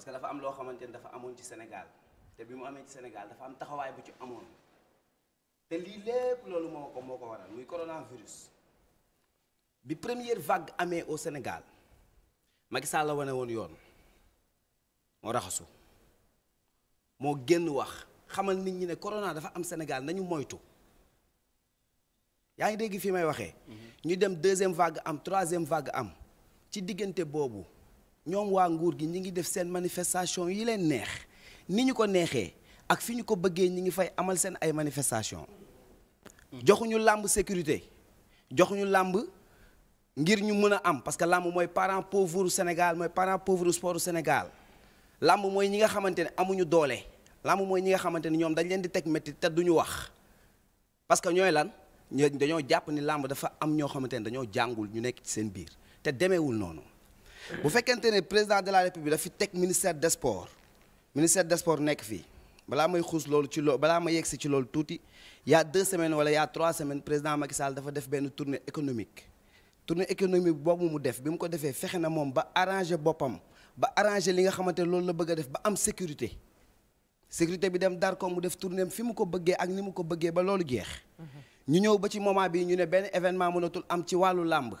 parce dafa am loo xamante ni dafa amoon ci senegal te bi mu amee ci Sénégal dafa am taxawaay bu ci amoon te lii lépp loolu moo ko moo ko waral muy coronavirus bi première vague amee au senegal Macky Sall la wane woon yoon moo raxasu moo génn wax xamal nit ñi ne corona dafa am Sénégal nañu moytu yaa ngi dégg fii may waxee. Mhm. ñu dem deuxième vague am troisième vague am ci diggante boobu. ñoom waa nguur gi ñi ngi def seen manifestation yi leen neex ni ñu ko neexee ak fi ñu ko bëggee ñi ngi fay amal seen ay manifestation joxuñu làmb sécurité joxuñu làmb ngir ñu mën a am parce que làmb mooy parent pauvre Sénégal mooy parent pauvre sport Sénégal làmb mooy ñi nga xamante ne amuñu doole làmb mooy ñi nga xamante ne ñoom dañ leen di teg métti te du ñu wax parce que ñooy lan dañoo jàpp ni làmb dafa am ñoo xamante ne dañoo jàngul ñu nekk ci seen biir te demeewul noonu bu fekkente ne président de la république dafi teg ministère des sports ministère de sports nekk fii balaa may xuus loolu ci loolu balaa ma yegsi ci loolu tuuti y a deux semaines wala y trois semaines président Macky dafa def benn tournée économique tournée économique boobu mu def bi mu ko defee fexe na moom ba arranger boppam ba arranger li nga xamante ne loolu la bëgg a def ba am sécurité sécurité bi dem dar ko mu def tournée fi mu ko bëggee ak ni mu ko bëggee ba loolu jeex. Mhm. ñu ñëw ba ci moment bi ñu ne benn événement mënatul am ci làmb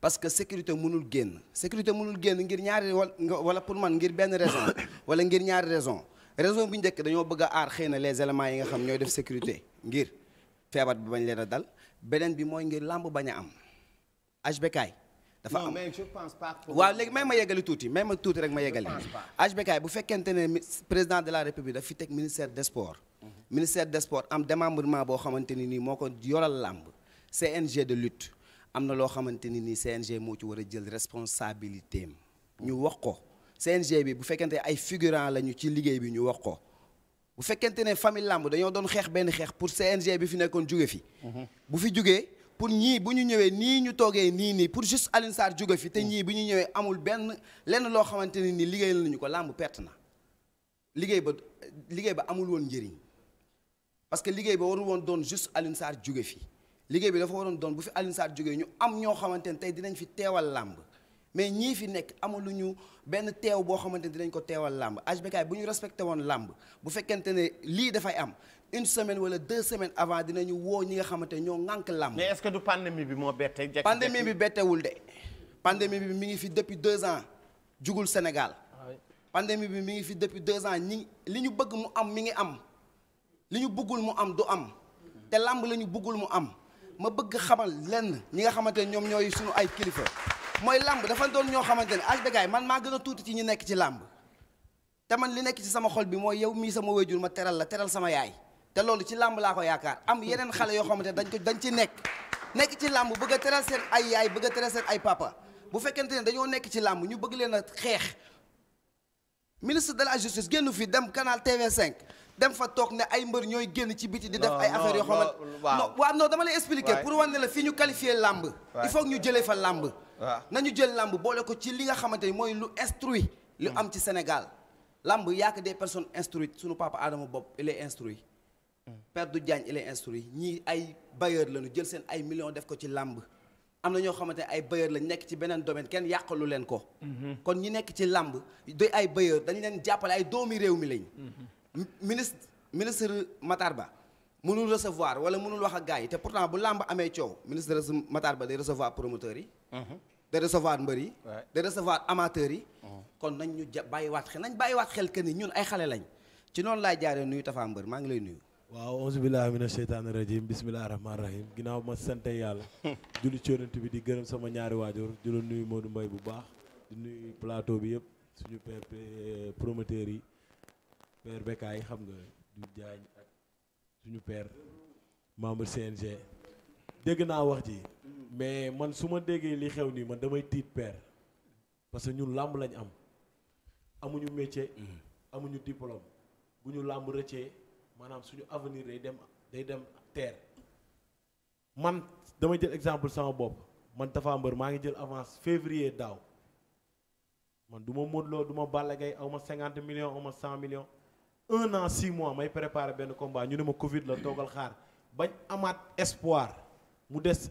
parce que sécurité mënul génn sécurité munul génn ngir ñaari wala pour man ngir benn raison wala ngir ñaari raison raison bu njëkk dañoo bëgg a aar xëy na les éléments yi nga xam ñooy def sécurité ngir feebar bi bañ leen a dal beneen bi mooy ngir làmb bañ a am HBK dafa am mais je pense pas waaw léegi may ma yeggali tuuti may ma tuuti rek ma yeggali HBK bu fekkente ne président de la république daf fi teg ministère des sports mhm. ministère des sports am démembrement boo xamante ni nii moo ko yoral làmb CNG de lutte am na loo xamante ni nii CNG moo ci war a jël responsabilité am ñu wax ko CNG bi bu fekkente ay figurant lañu ci liggéey bi ñu wax ko bu fekkente ne famille làmb dañoo doon xeex benn xeex pour CNG bi fi nekkoon jóge fi mhm. bu fi jógee pour ñii bu ñu ñëwee nii ñu toogee nii nii pour juste Alioune Sarr jóge fi te mhm. ñii bu ñu ñëwee amul benn lenn loo xamante ni nii liggéey nañu ko làmb perte na liggéey ba liggéey ba amul woon njëriñ parce que liggéey ba warul woon doon juste Alioune Sarr jóge fi liggéey bi dafa waroon doon bu fi Alioune Sarr jógee ñu am ñoo xamante ne tey dinañ fi teewal làmb mais ñii fi nekk ñu benn teew boo xamante ne dinañ ko teewal làmb HBK bu ñu respecté woon làmb bu fekkente ne lii dafay am une semaine wala deux semaines avant dinañu woo ñi nga xamante ne ñoo ŋànk làmb. mais est-ce que du pandémie bi moo bette. jekk pandémie bi bettewul de. pandémie bi mi ngi fi depuis deux ans jugul Sénégal. pandémie bi mi ngi fi depuis deux ans ñi li ñu bëgg mu am mi ngi am li ñu bëggul mu am du am te làmb la ñu mu am. ma bëgg xamal lenn ñi nga xamante ne ñoom ñooy suñu ay kilifa mooy làmb dafa doon ñoo xamante ne albegaay man maa gën a tuuti ci ñu nekk ci làmb te man li nekk ci sama xol bi mooy yow mii sama wéjur ma teral la teral sama yaay te loolu ci làmb laa ko yaakaar am yeneen xale yoo xamante ne dañ ko dañ ci nekk nekk ci làmb bëgg teral seen ay yaay bëgg a teral seen ay papa bu fekkente ne dañoo nekk ci làmb ñu bëgg leen a xeex ministre de la justice génn fi dem canal TV 5 dem fa toog ne ay mbër ñooy génn ci biti di def ay affaires yoo xamante non waaw non dama lay expliquer pour wane la fi ñu qualifier làmb il faut ñu jëlee fa làmb na ñu jël làmb boole ko ci li nga xamante ni mooy lu instruit lu hmm. am ci Sénégal làmb yaak des personnes instruites suñu papa Adama bopp il est instruit hmm. Père du Diagne il est instruit ñii ay bailleur lañu jël seen ay millions def ko ci làmb am na ñoo xamante ne ay bailleur lañ nekk ci beneen domaine kenn yàqalu leen hmm. kon ñi nekk ci làmb di ay bailleur dañu leen jàppale ay doomi réew mi lañ ministre ministre Matar Ba mënul recevoir wala mënul wax ak gars yi te pourtant bu làmb amee coow ministre Matar Ba day recevoir promoteurs yi. Mhm. day recevoir mbër yi. day recevoir amateurs yi. Mhm. kon nañ ñu ja bàyyiwaat xel nañ waat xel que ni ñun ay xale lañ ci noonu laay jaaree nuyu Tafa Mbër maa ngi lay nuyu. waaw auzu billahi mina sheytaani rajim bismillahi rahmaani rahim ginnaaw ma sante yàlla julli coonant bi di gërëm sama ñaari waajur di la nuyu Modou Mbaye bu baax di nuyu bi yëpp suñu promoteur yi père Beka yi xam nga du jaañ ak suñu père membre CNG dégg naa wax ji mais man su ma déggee li xew nii man damay tiit père parce que ñun làmb lañ am amuñu métier. amuñu diplôme bu ñu làmb rëccee maanaam suñu avenir day dem day dem terre man damay jël exemple sama bopp man Tapha Mbeur maa ngi jël avance février daaw man du ma Modou Lo du ma Balla Gaye ma cinquante millions aw ma cent million un six mois may prépare benn combat ñu ne ma Covid la toogal xaar bañ amaat espoir mu des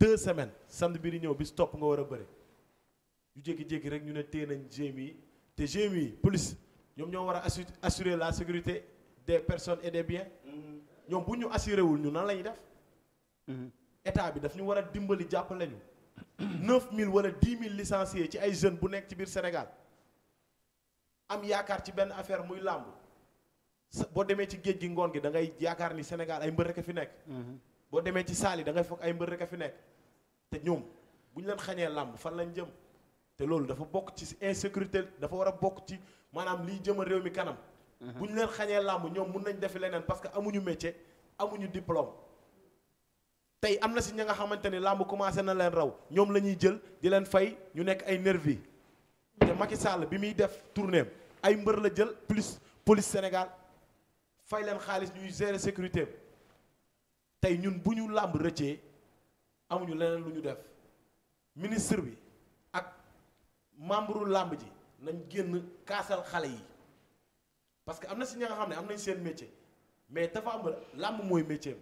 deux semaines samedi bi di ñëw bis topp nga war a bëri ñu jékki-jékki rek ñu ne téye nañ GMI te GMI police ñoom ñoo war a assurer la sécurité des personne et des bien mm-hmm. ñoom bu ñu assuré wul ñu nan la ñuy def. Mm-hmm. état bi daf ñu war a dimbali jàppale ñu. 9000 wala 10 000 licenciés ci ay jeunes bu nekk ci biir Sénégal am yaakaar ci benn affaire muy làmb. boo demee ci géej gi ngoon gi dangay yaakaar ni Sénégal ay mbër rek a fi nekk. Mhm. boo demee ci saal yi da ngay foog ay mbër rek a fi nekk. te ñoom bu ñu leen xañee làmb fan lañ jëm te loolu dafa bokk ci insécurité dafa war a bokk ci maanaam liy jëma réew mi kanam. Mhm. bu ñu leen xañee làmb ñoom mun nañ defi leneen parce que amuñu métier amuñu diplôme. tey am na si ña nga xamante ni làmb commencé na leen raw ñoom la ñuy jël di leen fay ñu nekk ay nervi te Macky Sall bi muy def tournéem ay mbër la jël plus police Sénégal. fay leen xaalis ñuy gérer sécurité tey ñun bu ñu làmb rëccee amuñu leneen lu ñu def ministre bi ak membre làmb ji nañ génn kaasal xale yi parce que am na si ña nga xam ne am nañ seen métier mais Tapha Mbeur làmb mooy métier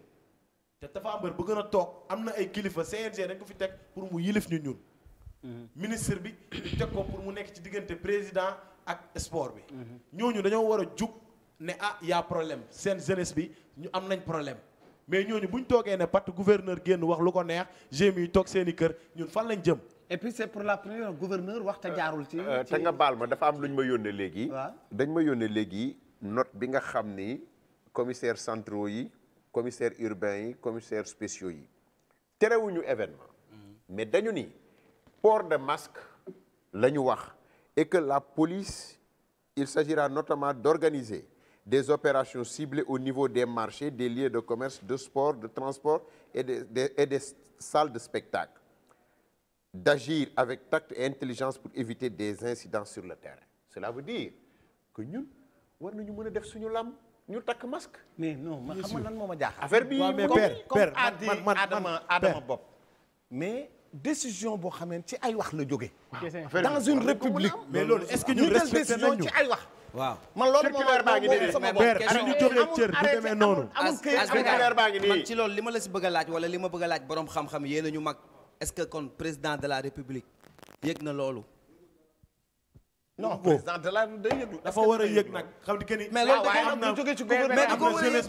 te Tapha Mbeur bu gën a toog am na ay kilifa CNG dañ ko fi teg pour mu yilif ñu ñun. Mhm. ministre bi teg ko pour mu nekk ci diggante président ak sport bi. Mhm. ñooñu dañoo war a jug. ne ah y' problème seen jeunesse bi ñu am nañ problème mais ñooñu bu toogee ne pat gouverneur génn wax lu ko neex GMI yi toog seen kër ñun fan lañ jëm. et puis c'est pour la première gouverneur wax te jaarul euh, euh, ci. te nga baal ma dafa am lu ñu ma yónnee léegi. dañ ma yónnee léegi not bi nga xam ni commissaire centraux yi commissaire urbain yi commissaire spéciaux yi terewuñu événement. Mm. mais dañu ni port de masque la ñu wax et que la police il s'agira notamment d'organiser des opérations ciblées au niveau des marchés, des lieux de commerce, de sport, de transport et, de, de, et des salles de spectacle. D'agir avec tact et intelligence pour éviter des incidents sur le terrain. Cela veut dire que ñun war nañu mën a def suñu lam ñu takk masque. mais non ma xam nga lan moo ma jaaxal. affaire bi comme comme Adama Adama bopp mais. décision boo xamante ci ay wax la jóge dans une république. mais loolu est-ce que ñu respecté nañu ci loolu a moom sama bopp question ñu joxee man ci loolu li ma la si bëgg laaj wala li ma bëgg a laaj borom xam-xam yéen a ñu mag est-ce que kon président de la république yëg na loolu. non la day yëg dafa war a yëg nag xam mais loolu na boo xam ne dañ ko war a yëg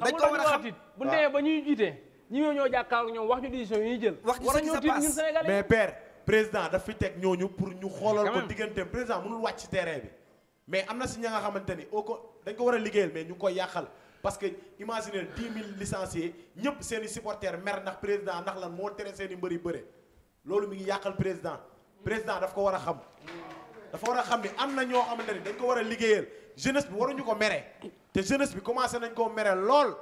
xam bu ndee ba ñuy jiite ñi ñoo ñoo jàkkaarloo ñoom wax ñu décision yi ñuy jël. wax ci ce qui se passe mais père président daf fi teg ñooñu pour ñu xoolal ko digganteem président mënul wàcc ci terrain bi. mais am na si ña xamante ni oo ko dañ ko war a liggéeyal mais ñu koy yàqal parce que imaginez dix mille licenciés ñëpp seen i mer ndax président ndax lan moo tere seen i mbër yu bëre loolu mi yàqal président président daf ko war a xam. dafa war a xam ni am na ñoo xamante ni dañ ko war a liggéeyal jeunesse bi waruñu ko mere te jeunesse bi commencé nañ koo mere lool.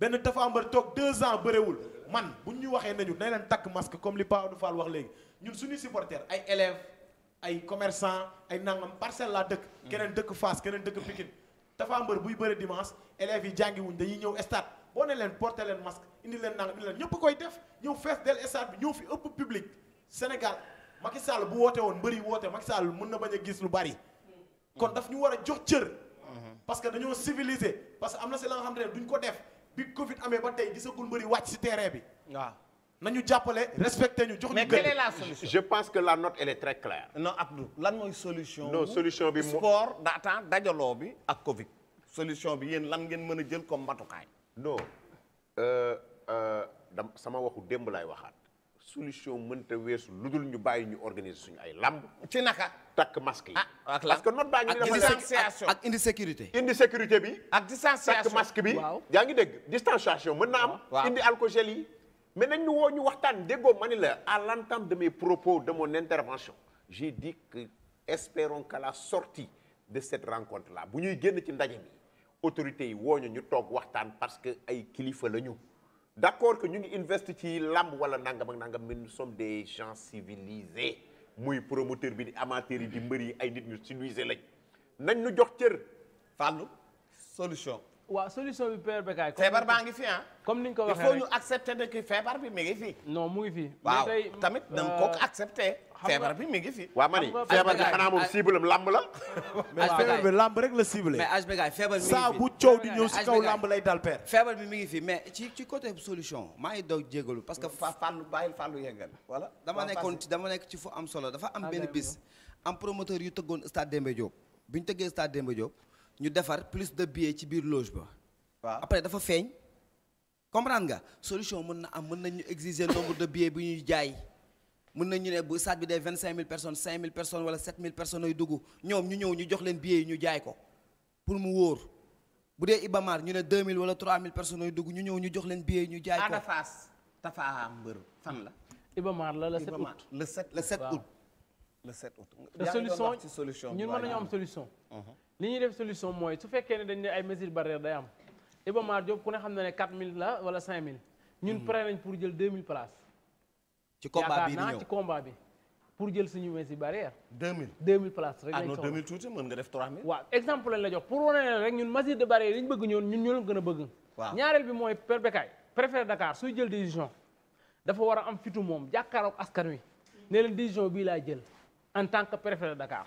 benn Tapha toog deux ans bëriwul man bu ñu waxee nañu dañ leen takk masque comme li Pape Abdou Fall wax léegi ñun suñuy supporters ay eleve ay commerçants ay nangam parcelle laa dëkk. keneen dëkk Fass keneen dëkk Pikine Tapha buy bëri dimanche élèves yi jàngiwuñ dañuy ñëw stade boo ne leen porté leen masque indi leen nangam indi leen ñëpp koy def ñëw fees del stade bi ñëw fi ëpp public Sénégal Macky Sall bu woote woon mbëri woote Macky Sall mën na bañ a gis lu bari. kon daf ñu war a jox cër. Mhm. parce que dañoo civilisé parce que am na si la nga ko def. bi Covid amee ba tey gisagul mbëri wàcc ci terrain bi. waaw nañu jàppale respecté ñu jox ñu. mais quelle est la solution je pense que la note elle est très claire. Abdou lan mooy solution. solution bi sport da attend dajaloo bi ak Covid. solution bi yéen lan ngeen mën a jël comme matukaay. non euh, euh, sama waxu démb laay waxaat. solution mënta weesu lu dul ñu bàyyi ñu organiser suñu ay làmb ci naka takk masque yi. Ah, ak parce que note baa ngi nii distanciation ak indi sécurité. indi sécurité bi. ak distanciation takk masque bi. yaa ngi dégg distanciation mën na am. indi alcool gel yi. mais nañ ñu woo ñu waxtaan déggoo ma ni la à l'entame de mes propos de mon intervention j'ai dit que espérons qu'à la sortie de cette rencontre là bu ñuy génn ci ndaje mi autorités yi woo ñu ñu toog waxtaan parce que ay kilifa la ñu. d'accord que ñu ngi investi ci làmb wala nangam ak nangam mais nous sommes des gens civilisés muy promoteur bi di amateur yi di mbër yi ay nit ñu civilisé lañ nañ ñu jox cër fàllu solution waaw solution bi Père Bécaye feebar baa ngi fi ah. comme ni ñu ko waxee ñu accepter ne que feebar bi mu ngi fi. non muy ngi fi. tamit da nga euh, ko feebar bi mi ngi fi. waaw mani feebar bi xanaa moom cible am lamb la. mais feebar bi lamb rek la cible. mais HBK feebar bi mi ngi fi saa bu coow di ñëw si kaw lamb lay dal père. feebar bi mi ngi fi mais ci ci côté solution maa ngi daw jégalu parce que fa fàllu bàyyil fàllu yeggal voilà dama nekkoon dama nekk ci fu am solo dafa am benn bis am promoteur yu tëggoon stade Demba Diop bi ñu tëggee stade Demba ñu defar plus de billets ci biir loge ba. waaw après dafa feeñ comprendre solution mën na am mën nañu exiger nombre de billets bi ñuy jaay. mën nañu ne bu stade bi dee vingt cinq mille personnes cinq mille personnes wala sept mille personnes ay dugg ñoom ñu ñëw ñu jox leen billets yi ñu jaay ko pour mu wóor bu dee Ibamar ñu ne deux mille wala trois mille personnes dugg ñu ñëw ñu jox leen billets yi ñu jaay ko la. Ibamar le 7 août le 7 le 7 août. solution ñun mën nañu am solution. Mhm. li ñuy def solution mooy su fekkee ne dañ ne ay mesures barrières day am Ibamar Diop ku ne xam la wala cinq mille. ñun mhm. pare nañ pour jël deux mille places. ci combat bi naa ci combat bi pour jël suñu messi barrière. 2000 2000 places rek. Ah, lañ soxla ah non 2000 tuuti mën nga def exemple lañ la jox pour wane leen rek bëgg ñoon ñun ñoo leen gën a bëgg. ñaareel bi mooy per Bécaye préfet Dakar suy jël décision dafa war a am fitu moom jàkkaaroog askan wi ne leen décision bii laa jël en tant que préfet Dakar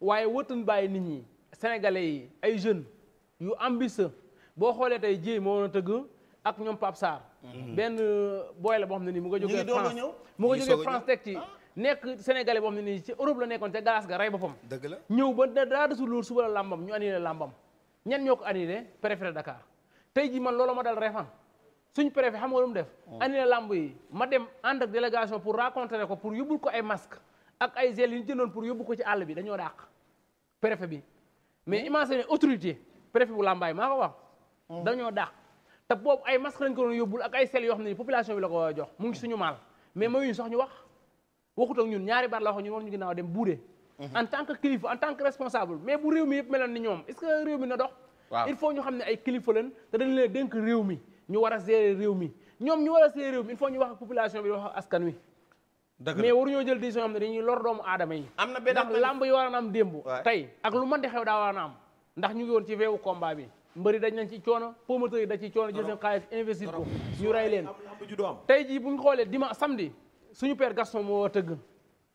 waaye wëtun bàyyi nit ñi sénégalais yi ay jeunes yu ambitieux boo xoolee tey jii moo woon tëgg. ak ñoom Pape Sarr. Mhm. benn euh, booy la boo ni nii mu ngi jógee France mu ngi jógee France ci. nekk sénégalais boo xam ne nii ci Europe la nekkoon te galas ga rey boppam. dëgg la ñëw ba daa desul loolu suba la làmbam ñu annulé làmbam ñan ñoo ko annulé préfet Dakar tey jii man loolu ma dal refan suñ préfet xam nga lu mu def. Oh. annulé làmb yi ma dem ànd ak délégation pour rencontrer ko pour yóbbul ko ay masque ak ay gel yi ñu jëndoon pour yóbbu ko ci àll bi dañoo dàq préfet bi mais oh. imagine autorité préfet bu làmbaay maa ko wax. Oh. dañoo te boob ay masque lañ ko doon yóbbul ak ay sel yoo xam ne population bi la ko jox mu ngi suñu maal mais mm-hmm. mayuñu sax ñu wax waxut ñun ñaari baat la wax ñun war ñu ginnaaw dem buure mm-hmm. en tant que kilifa en tant que responsable mais bu réew mi yëpp meloon ni ñoom est-ce que réew ñu xam ne ay kilifa lañ te dañ leen dénk réew mi ñu war a réew mi ñoom ñu war a gérer réew mi il faut ñu wax ak population bi wax ak askan wi mais ñoo jël décision xam ne dañuy lor doomu aadama yi am na benn ndax lamb yi war a am démb tey ak lu mën di xew daa am ndax ñu ngi woon ci weewu combat bi mbëri dañ nañ ci coono promoteurs yi dañ ci coono jël seen xaalis investir ko ñu rey leen tey jii bu ñu xoolee dima samedi suñu père Gaston moo tëgg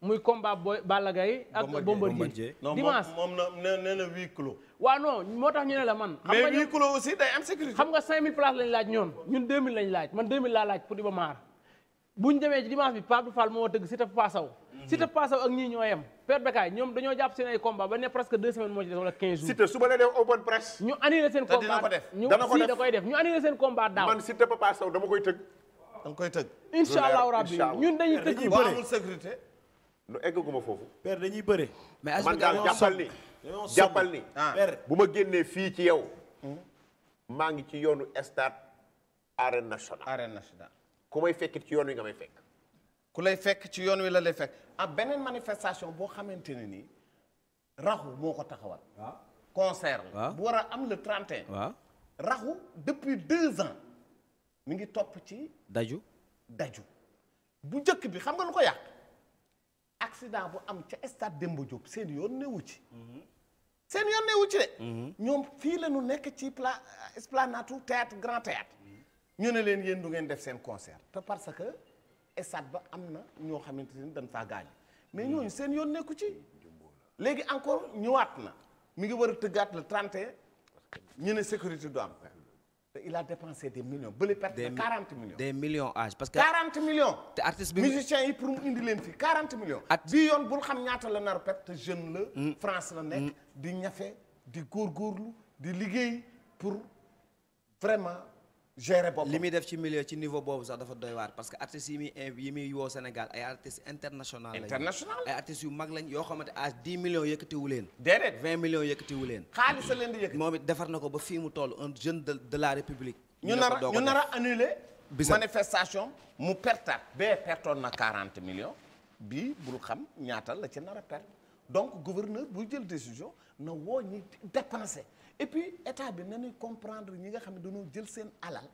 muy combat boy Balla Gaye ak Bombardier dimanche moom na nee na huis clos waaw moo tax ñu ne la man xam nga huis clos aussi day am laaj ñoon ñun 2000 lañ laaj man 2000 laa laaj pour di ba maar buñ demee ci dimanche bi Pape Fall moo tëgg si ta pasaw mhm. si ta pasaw ak ñii ñoo yem Père Bécaye ñoom dañoo jàpp seen ay combat ba ne presque deux semaines moo ci des wala quinze jours. def open press. ñu annulé seen koy def seen combat daaw. man Siteu Papa Sow dama koy tëgg. dama koy tëgg. incha allahu rabbi ñun dañuy tëgg ñu bëre amul sécurité. nu eggaguma foofu. Père dañuy bëre. mais as man daal jàppal ni jàppal ah. ni. Père bu ma génnee fii ci yow. maa ngi ci yoonu stade arène nationale. arène nationale ku may fekkit ci yoon wi nga may fekk ku lay fekk ci yoon wi la lay fekk am beneen manifestation boo xamante ne nii raxu moo ko taxawal. concert la. bu war a am le 31. waaw raxu depuis deux ans mi ngi topp ci. daju daju. bu njëkk bi xam nga lu ko yàq accident bu am ca stade Demba Diop seen yoon newu ci. Mhm. seen yoon newu ci de. Mhm. ñoom fii la nekk ci pla esplanade théâtre grand théâtre mhm. ñu ne leen yéen du ngeen def seen concert te parce que. stade ba am na ñoo xamante ni dañ faa gaañ mais mm. ñooñu seen yoon nekku ci léegi encore ñëwaat na mi ngi war a tëggaat le 31 ñu ne sécurité du am il a dépensé des millions bale perte na 40 millions. des millions âge parce que. 40 millions. te artiste bi musiciens yi pour mu indi leen fii 40 millions. at bii yoon bul xam ñaata la nar perte jeune la. Mm. France la nekk mm. di ñafe di góorgóorlu di liggéey pour vraiment. gérer boppam li muy def ci milieu ci niveau boobu sax dafa doy waar parce que artistes yi muy yi muy woo Sénégal ay artistes international lañu. ay artistes yu mag lañ yoo xamante à 10 millions yëkkatiwu leen. déedéet leen millions yëkkatiwu leen. xaalis a leen di yëkkati. moom it defar na ko ba fii mu toll un jeune de de la république. ñu nar a ñu nar a annulé. manifestation mu pertaat. bee na 40 millions. bii bul xam ñaata la ci nar a perte donc gouverneur bu jël décision woo ñi dépensé. et puis état bi nañuy comprendre ñi nga xam ne dañoo jël seen alal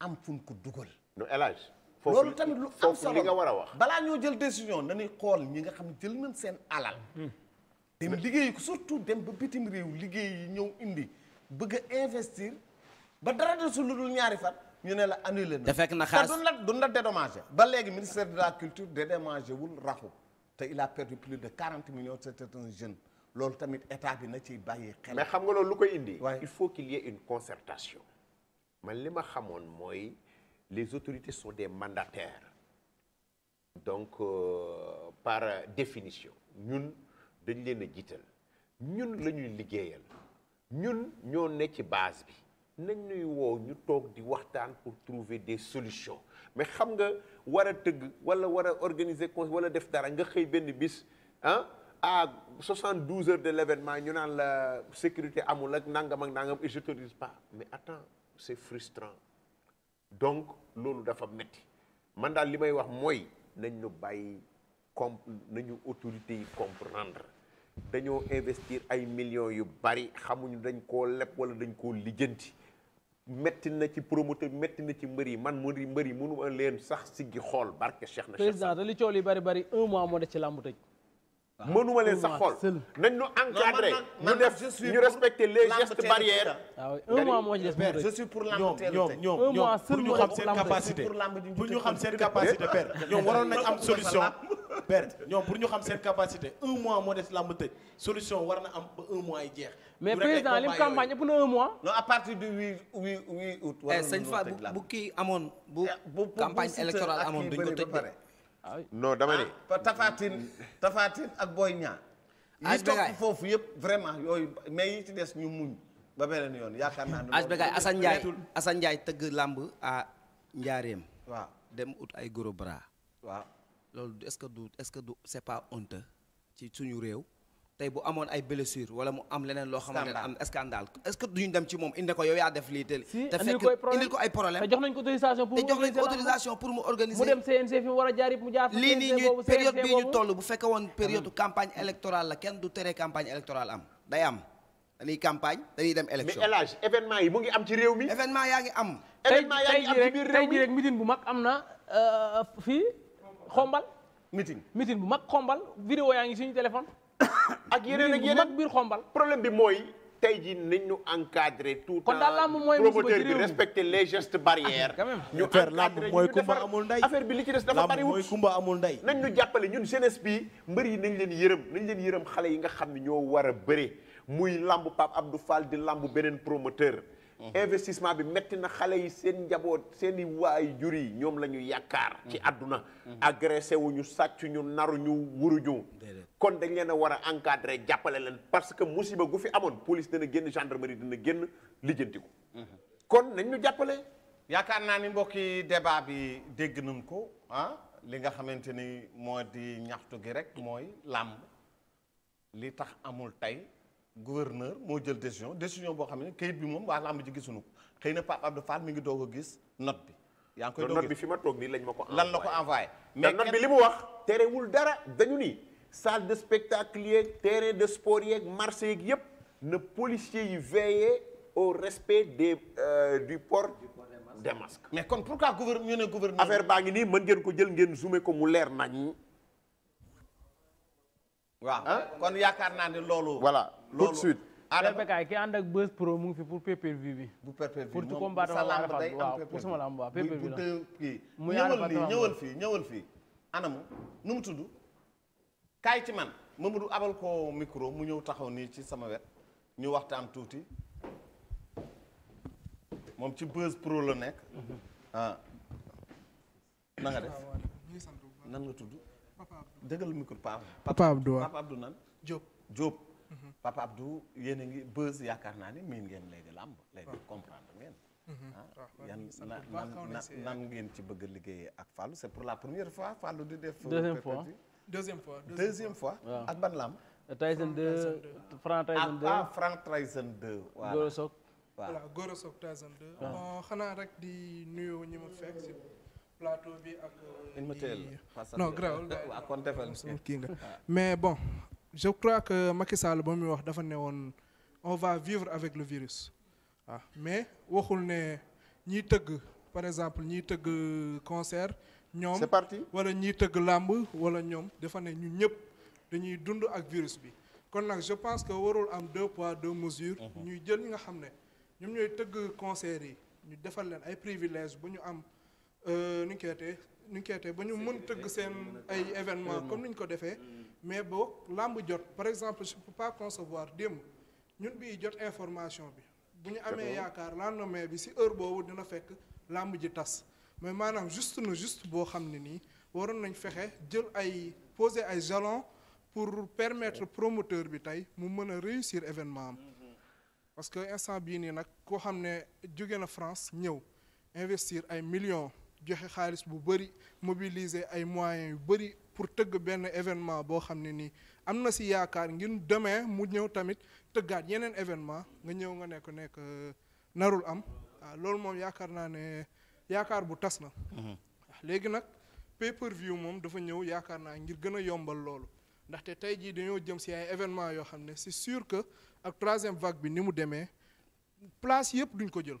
am fuñ ko dugal. nu élage. loolu tamit lu am solo li nga war a wax. balaa ñoo jël décision nañuy xool ñi nga xam jël nañ seen alal. Hmm. dem liggéey ko surtout dem ba bitim réew liggéey yi ñëw indi bëgg a investir ba dara desul lu dul ñaari fan. ñu ne la annulé na te fekk na xaalis te duñ la duñ la dédommagé ba léegi ministère de la culture dédommagé wul raxu te il la perdu plus de 40 millions c'est un jeune. loolu tamit état bi na ci bàyyi xel. mais xam nga loolu lu koy indi. il faut qu'il y une concertation. man li ma xamoon mooy les autorités sont des mandataires. donc euh, par définition ñun dañ leen a jiital ñun la ñuy liggéeyal ñun ñoo ne ci base bi nañ ñuy woo ñu toog di waxtaan pour trouver des solutions mais xam nga war a tëgg walla war a organiser walla def dara nga xëy benn bis ah. à 72 heures de l'événement ñu naan la sécurité amul ak nangam ak nangam et je te dis pas mais attends c'est frustrant donc loolu dafa metti man daal li may wax mooy nañ ñu bàyyi comp nañu autorités yi comprendre dañoo investir ay millions yu bari xamuñu dañ koo leb wala dañ koo lijjanti metti na ci promoteur metti na ci mbër yi man mëri mbër yi mënu ma leen sax siggi xool barke Cheikh na président da li coow li bari bari un mois moo des ci làmb tëj mënuma leen sax xool nañ ñu encadré ñu def ñu respecter les gestes barrières. Ah un mois moo ci des je suis pour lamb teel ñoom ñoom ñoom pour ñu xam seen capacité pour ñu xam seen capacité père am solution. père ñoom ñu xam seen capacité un mois moo des lamb tëj solution war na am ba un mois yi jeex. mais président lim campagne ëpp na un mois. non à partir du huit huit huit août. war eh, amoon bu. Eh, campagne électorale amoon duñ ko tëj non dama ah, ne. tafaatin Tafatine ak Boy Niang. ak li foofu yëpp vraiment yooyu mais yi ci des ñu muñ. ba beneen yoon yaakaar naa ni as beeg ay Assane tëgg làmb à Njaareem. waa dem ut ay gros bras. waaw loolu est-ce que du est-ce que du c'est pas honte ci suñu réew. tey bu amoon ay blessure wala mu am leneen loo xamante ne am scandale est-ce que duñu dem moom indi ko yow yaa def lii te te fekk indil ko ay problème te jox nañ ko autorisation pour mu organiser mu dem CNG fi mu war a jaar mu jaar lii nii ñuy période bii ñu toll bu fekkee woon période campagne électorale la kenn du tere campagne campagne dañuy dem élection mais événement yi mu ngi am ci réew mi événement yaa ngi am événement yaa ngi am ci biir réew mi tey jii rek bu mag am na euh, fii xombal meeting meeting bu mag xombal vidéo yaa ngi suñu téléphone ak yeneen ak yeneen biir xombal problème bi mooy tey jii nañ ñu encadré tout kon daal lamb mooy promoteur bi respecté les gestes barrières ah, ñu encadré mooy kumba amul nday affaire bi li ci des dafa bariwul mooy kumba amul nday nañ ñu jàppale ñun jeunesse bi mbër yi nañ leen yërëm nañ leen yërëm xale yi nga xam ne ñoo war a bëre muy lamb Pape Abdou Fall di lamb beneen promoteur Mhm. investissement bi metti na xale yi seen njaboot seen i waay jur yi ñoom la ñu yaakaar ci mhm. àdduna mhm. agressé wuñu sàccuñu naruñu wuruñu kon dañ leen war a encadrer jàppale leen parce que musiba gu fi amoon police dana génn gendarmerie dana génn lijjanti ko kon nañ ñu jàppale yaakaar naa ni mbokki débat bi dégg nañ ko ah li nga xamante ni moo di ñaxtu gi rek mooy làmb li tax amul tey gouverneur moo jël décision décision boo xam ne kayit bi moom waa làmb ji gisuñu ko xëy na Pape Abdou Fall mi ngi doog a gis note bi. yaa ngi koy doog a bi fi ma toog nii lañ ma ko. envoyé lan la ko envoyé. mais note bi li mu wax. terewul dara dañu ni salle de spectacle yeeg terrain de sport yeeg marché yeeg yëpp na policiers yi veiller au respect des euh, du port. des masques mais kon pourquoi gouverneur ñu ne gouverneur. affaire baa ngi nii mën ngeen ko jël ngeen zoomé ko mu leer nañ. waaw kon yaakaar naa ne loolu. voilà. tout de suite Adama ak Buzz Pro mu ngi fi pour pay per bi. bu per view pour combattre waaw pour sama lamb waaw pay-per-view la. muy ñëwal fii ñëwal fii ñëwal fii. anamu nu mu tudd kaay ci man Mamadou abal ko micro mu ñëw taxaw nii ci sama wet ñu waxtaan tuuti moom ci Buzz Pro la nekk. Mhm. ah na nga def nan nga tudd. dëggal micro Papa Abdou Papa Abdou Papa Abdou yéen a ngi bës yaakaar naa ni miin ngeen léegi làmb léegi comprendre ngeen. Mhm. Ah, yan nan ngeen ci bëgg liggéeye ak Fallou c'est pour la première fois Fallou di def. deuxième fois deuxième fois fois. ak ban làmb. Tyson 2 Frank Tyson 2 ah Frank Tyson 2. waaw Goro Sok. xanaa rek di nuyu ñi ma fekk si plateau bi ak. il ma teel euh, non grawul waaw ah, kon defal kii nga mais bon. je crois que Macky Sall ba muy wax dafa ne woon on va vivre avec le virus waaw ah, mais waxul ne ñiy tëgg par exemple ñiy tëgg concert ñoom c'est parti wala ñiy tëgg làmb wala ñoom dafa ne ñu ñëpp dañuy dund ak virus bi kon nag je pense que warul am deux poids deux mesures mhm. ñuy jël ñi nga xam ne ñoom ñooy tëgg concert yi ñu defal leen ay privilèges bu ñu am euh, nu ñu koy tee nu ba ñu mën tëgg seen ay événement comme ni ñu ko defee mm. mais boo làmb jot par exemple je peux pas concevoir démb ñun bi jot information bi bu ñu amee yaakaar mais bi si heure boobu dina fekk làmb ji tas mais maanaam juste na juste boo xam ne nii waroon nañ fexe jël ay poser ay jalons pour permettre promoteur bi tey mu mën a réussir événement am parce que instant bii nii nag koo xam ne jóge na France ñëw investir ay millions joxe xaalis bu bëri mobiliser ay moyens yu bëri pour tëgg benn événement boo xam ne nii am na si yaakaar ngir demain mu ñëw tamit tëggaat yeneen événement nga ñëw nga nekk nekk euh, narul am waaw loolu moom yaakaar naa ne yaakaar bu tas na mhm. léegi nag pay per view moom dafa ñëw yaakaar naa ngir gën a yombal loolu ndaxte tey jii dañoo jëm si ay événement yoo xam ne c'est sur que ak troisième vague bi ni mu demee place yëpp duñ ko jël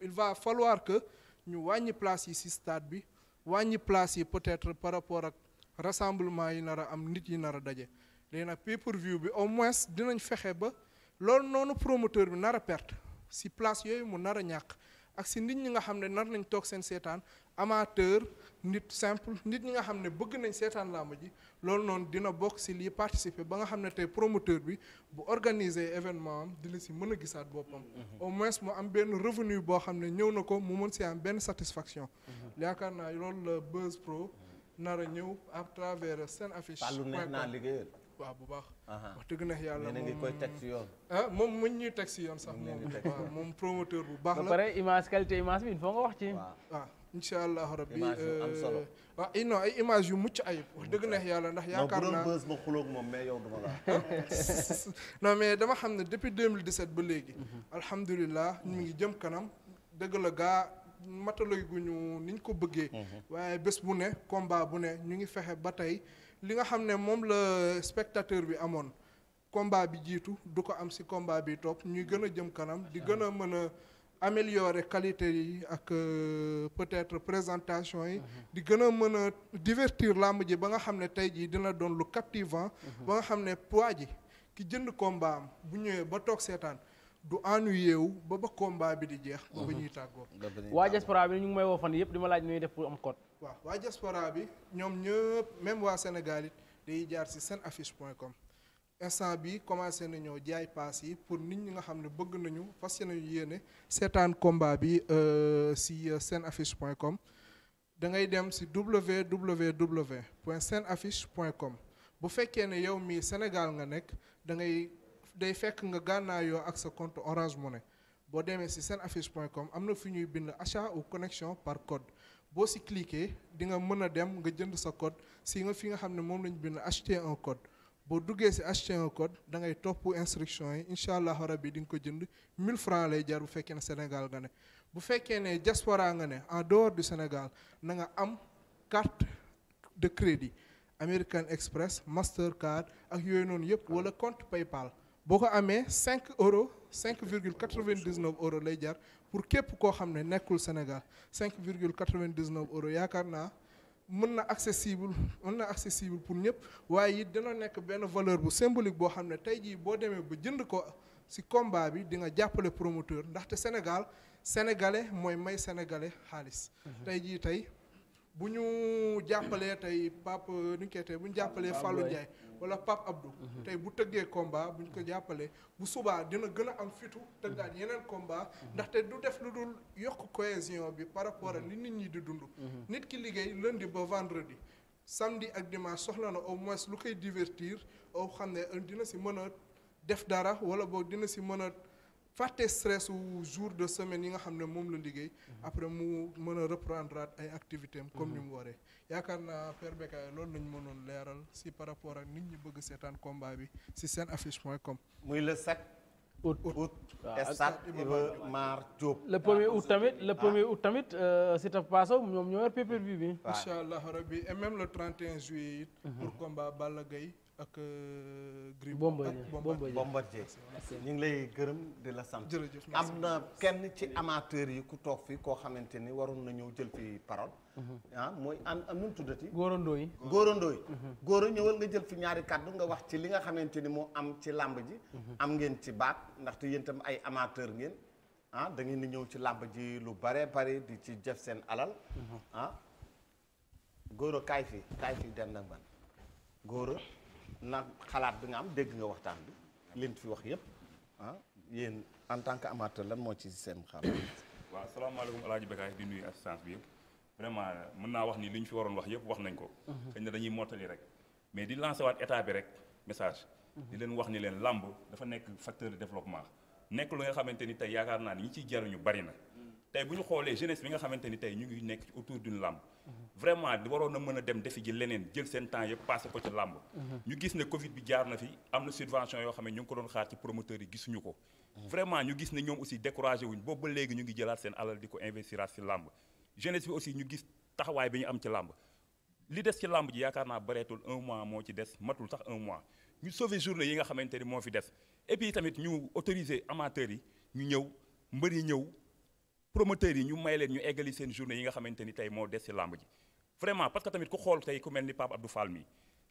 il va falloir que ñu wàññi place yi ci stade bi wàññi place yi peut-être par rapport ak rassemblement yi nar a am nit yi nar a daje léegi nag pay per view bi au moins dinañ fexe ba loolu noonu promoteur bi nar a perte si place yooyu mu nar a ñàkk ak si nit ñi nga xam ne nar nañ toog seen seetaan amateur nit simple nit ñi nga xam ne bëgg nañ seetaan làmb ji loolu noonu dina bokk si lii participer ba nga xam ne tey promoteur bi bu organiser événement am dina si mën a gisaat boppam. Mhm. au moins mu am benn revenu boo xam ne ñëw na ko mu mën si am benn satisfaction. Mhm. yaakaar naa loolu la Buzz Pro. nar ñëw à travers seen affiche. Fallou neex naa liggéeyal. waaw bu baax. wax dëgg neex yàlla moom ngi koy teg si yoon. ah moom mu ñuy teg si yoon sax moom. moom promoteur bu baax la. ba pare image qualité image bi wax ci. waaw ah. incha allah rabbi am solo euh, ay image yu mucc ayib dëgg neex yàlla ndax yaakaar naa bës ma xuloog moom mais yow dama la mais dama xam ne depuis 2017 ba léegi mhm. alhamdulilah ñu ngi jëm kanam dëgg la gaa matalay guñu niñ ko bëggee mhm. waaye bés bu ne combat bu ne ñu ngi fexe ba tey li nga xam ne moom la spectateur bi amoon combat bi jiitu du ko am si combat bi topp ñuy gën a jëm kanam di gën a mën a améliorer qualité yi ak euh, peut-être présentation yi. di gën a mën a divertir làmb ji ba nga xam ne tey jii dina doon lu captivant. Mhm. ba nga xam ne poids ji ki jënd combat am bu ñëwee ba toog seetaan du ennuyé ba ba combat bi di jeex. ba ba mhm. ñuy tàggoo. waa diaspora bi ñu ngi may woo fan yëpp di ma laaj ñuy def pour am code. waa waa diaspora bi ñoom ñëpp même waa Sénégal it day jaar ci senaffiche point com. instant bi commencé nañoo jaay paas yi pour nit ñi nga xam ne bëgg nañu fas nañu yéene seetaan combat bi euh, si euh, senaffiche point com dangay dem si www point senaffiche point com bu fekkee ne yow mii Sénégal nga nekk da ngay day fekk nga gànnaayoo ak sa compte Orange Money boo demee si senaffiche point com am na fi ñuy bind achat ou connexion par code boo si cliquer di nga mën a dem nga jënd sa code si nga fi nga xam ne moom lañ bind acheter un code boo duggee si acheter un code da ngay topp instruction yi incha allah rabi di nga ko jënd 1000 francs lay jar bu fekkee ne Sénégal nga ne bu fekkee ne diaspora nga ne en dehors du senegal na nga am carte de crédit American Express Mastercard ak yooyu noonu yëpp wala compte PayPal boo ko amee 5 euros 5 virgule 99 euros lay jar pour képp koo xam ne nekkul Sénégal 5 virgule 99 euros yaakaar naa. mën na accessible mën na accessible pour ñëpp waaye it dina nekk benn valeur bu symbolique boo xam ne tey jii boo demee ba jënd ko ci combat bi di nga jàppale promoteur ndaxte Sénégal sénégalais mooy may sénégalais xaalis mhm. tey jii tey bu ñu jàppalee tey Pape nu tey bu ñu jàppalee Fallou Ndiaye wala Pape Abdou. Mhm. tey bu tëggee combat bu ñu ko jàppalee bu subaa dina gën a am te tëggaat mhm. yeneen combat mhm. ndaxte du def lu dul yokk cohésion bi par rapport ak li nit ñi di dundu nit ki liggéey lundi ba vendredi samedi ak dimanche soxla na au moins lu koy divertir oo xam ne dina si mën a def dara wala boo dina si mën a. fàtte stress wu jour de semaine yi nga xam ne moom la liggéey mhm. après mu mën a reprendre ay activité am comme ni mhm. mu waree yaakaar naa Père Bécaye loolu lañ mënoon leeral si par rapport ak nit ñi bëgg seetaan combat bi si seen affiche point com muy le 7 août août stade ah, Iba Mar le premier août tamit le ah. premier août tamit euh, si ta paaso ñoom ñoo war pay bi incha allah rabbi et même le 31 juillet it mhm. pour combat Balla Gaye ak euh, Gris Bombardier Bombardier ñu ngi lay gërëm di la sant am na kenn ci amateur yi ku toog fi koo xamante ni waroon na ñëw jël fi parole mhm. ah mooy an nun tuddati góorandoo yi góorandoo yi mhm. góora ñëwal nga jël fi ñaari kàddu nga wax ci li nga xamante ni moo am ci làmb ji mhm. am ngeen ci baat ndaxte yéen tam ay amateur ngeen ah da di ñëw ci làmb ji lu bare bare di ci jef seen alal ah góora kaay fii kaay fii den góora na xalaat bi nga am dégg nga waxtaan bi leen fi wax yëpp ah yéen en tant que amateur lan moo ci seen xalaat. waaw salaamaaleykum alaaji Bekaay di at assistance bi yëpp vraiment mën naa wax ni li ñu fi waroon wax yëpp wax nañ ko. Mhm. xëy na dañuy mottali rek mais di waat état bi rek message. Mhm. di leen wax ni leen làmb dafa nekk facteur de développement nekk lu nga xamante ni tey yaakaar naa ni ñi ciy jaruñu bari na. Mhm. tey bu ñu xoolee jeunesse bi nga xamante ni tey ñu ngi nekk ci autour d'une làmb vraiment di waroon na mën a dem defi ji leneen jël seen temps yëpp passé ko ci làmb mhm. ñu gis ne Covid bi jaar na fi am na subvention yoo xam ne ñu ngi ko xaar ci promoteurs yi gisuñu ko mhm. ñu gis ne ñoom aussi découragé wuñ boobu ba léegi ñu ngi jëlaat seen alal ko investiraat si làmb ñu gis taxawaay bi ñu am ci làmb li des ci làmb ji yaakaar naa bareetul un mois moo ci des matul sax un mois ñu sauver journée yi nga xamante ni moo fi des et puis tamit ñu autoriser amateurs yi ñu ñëw mbër yi ñëw promoteurs yi ñu may leen ñu eggali seen journée yi nga xamante ni tey moo des ci làmb ji vraiment parce que tamit ku xool tey ku mel ni Pape Abdou Fall mi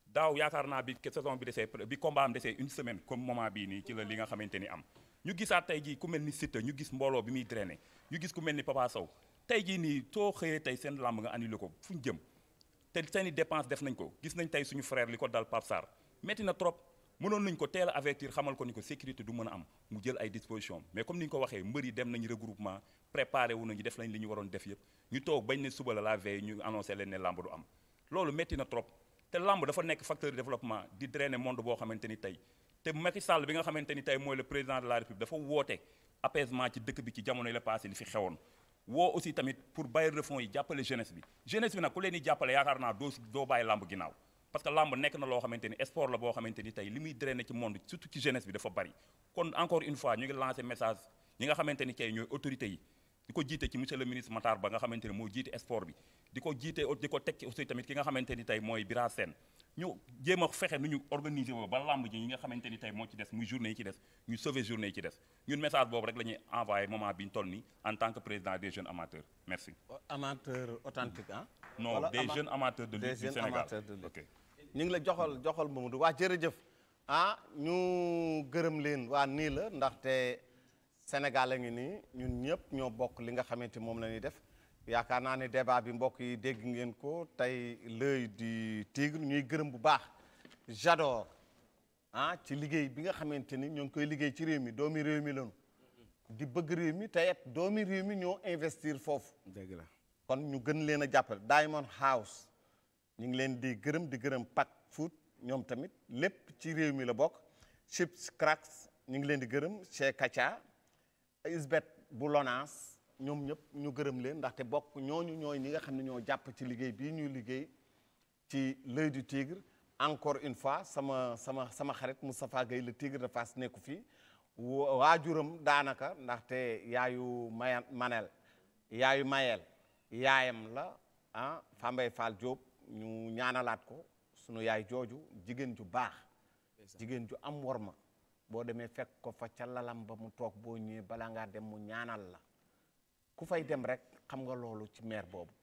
daaw yaakaar naa bi saison bi desee bi combat am desee une semaine comme moment bii nii ci la li nga xamante ni am ñu gisaat tey jii ku mel ni Siteu ñu gis mbooloo bi muy drainer ñu gis ku mel ni Papa Sow tey jii nii soo xëyee tey seen làmb nga annulé ko fu ñu jëm te seen i dépense def nañ ko gis nañ tey suñu frère li ko dal Pape Sarr métti na trop mënoon nañ ko teel a avertir xamal ko ni ko sécurité du mën a am mu jël ay disposition mais comme ni ñu ko waxee mbër dem nañ regroupement préparé wu nañu def lañ li ñu waroon def yëpp ñu toog bañ ne suba la la veille ñu annoncé leen ne làmb du am loolu métti na trop te làmb dafa nekk facteur de développement di drainer monde boo xamante ni tey te Macky Sall bi nga xamante ni tey mooy le président de la République dafa woote apaisement ci dëkk bi ci jamono yi la passé li fi xewoon woo aussi tamit pour leen di jàppale yaakaar naa doo doo bàyyi làmb ginnaaw parce que làmb nekk na loo xamante ni sport la boo xamante ni tey li muy drainer ci monde surtout ci jeunesse bi dafa bari kon encore une fois ñu ngi message ñooy autorités yi di ko jiite ci monsieur le ministre Matar Ba nga xamante ni moo jiite sport bi di ko jiite di ko teg ci aussi tamit ki nga xamante ni tey mooy Bira Sène ñu jéem a fexe nu ñu organiser woo ba làmb ji ñi nga xamante ni tey moo ci des muy journée yi ci des ñu sauver journée yi ci des ñun message boobu rek la ñuy envoyé moment ñu ngi la joxal joxal du waa jërëjëf ah ñu gërëm leen waa nii la ndaxte Sénégal ngi nii ñun ñëpp ñoo bokk li nga xamante moom la ñuy def yaakaar naa ne débat bi mbokk yi dégg ngeen ko tey l'œil du tigre ñuy gërëm bu baax j'adore ah ci liggéey bi nga xamante ni ñoo ngi koy liggéey ci réew mi doomi réew mi lañu di bëgg réew mi tey doomi réew mi ñoo investir foofu. dëgg la kon ñu gën leen a jàppale Diamond House. ñu ngi leen di gërëm di gërëm pat foot ñoom tamit lépp ci réew mi la bokk Chips Cracks ñu ngi leen di gërëm chez Kacha Isbet bu Lonaas ñoom ñëpp ñu gërëm leen ndaxte bokk ñooñu ñooy ñi nga xam ne ñoo jàpp ci liggéey bii ñuy liggéey ci l'œil du tigre encore une fois sama sama sama xarit Moustapha Gueye le tigre de Fass nekku fii waajuram daanaka ndaxte yaayu maya manel yaayu mayel yaayam la ah Fambaye Fall Diop ñu ñaanalaat ko sunu yaay jooju jigéen ju baax jigéen ju am worma boo demee fekk ko fa ca lalam ba mu toog boo ñëwee balaa ngaa dem mu ñaanal la ku fay dem rek xam nga loolu ci maire boobu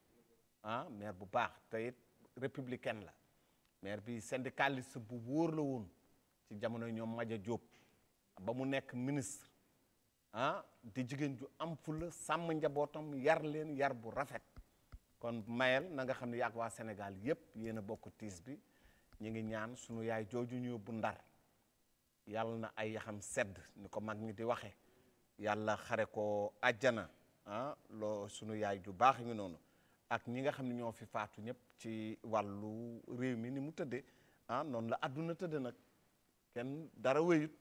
ah maire bu baax te it républicaine la maire bi syndicaliste bu wóor la woon ci jamono ñoom Maja Diop ba mu nekk ministre ah di jigéen ju am fulla sàmm njabootam yar leen yar bu rafet kon mayel na nga xam ne yàgg waa senegal yépp yéen a bokk tiis bi ñu ngi ñaan sunu yaay jooju ñu yóbbu ndar yàlla na ay yaxam sedd ni ko mag ñi di waxe yàlla xare ko àjjana ah loo sunu yaay ju baax ngi noonu ak ñi nga xam ne ñoo fi faatu ñëpp ci wàllu réew mi ni mu tëdde ah noonu la àdduna tëdde nag kenn dara wéyut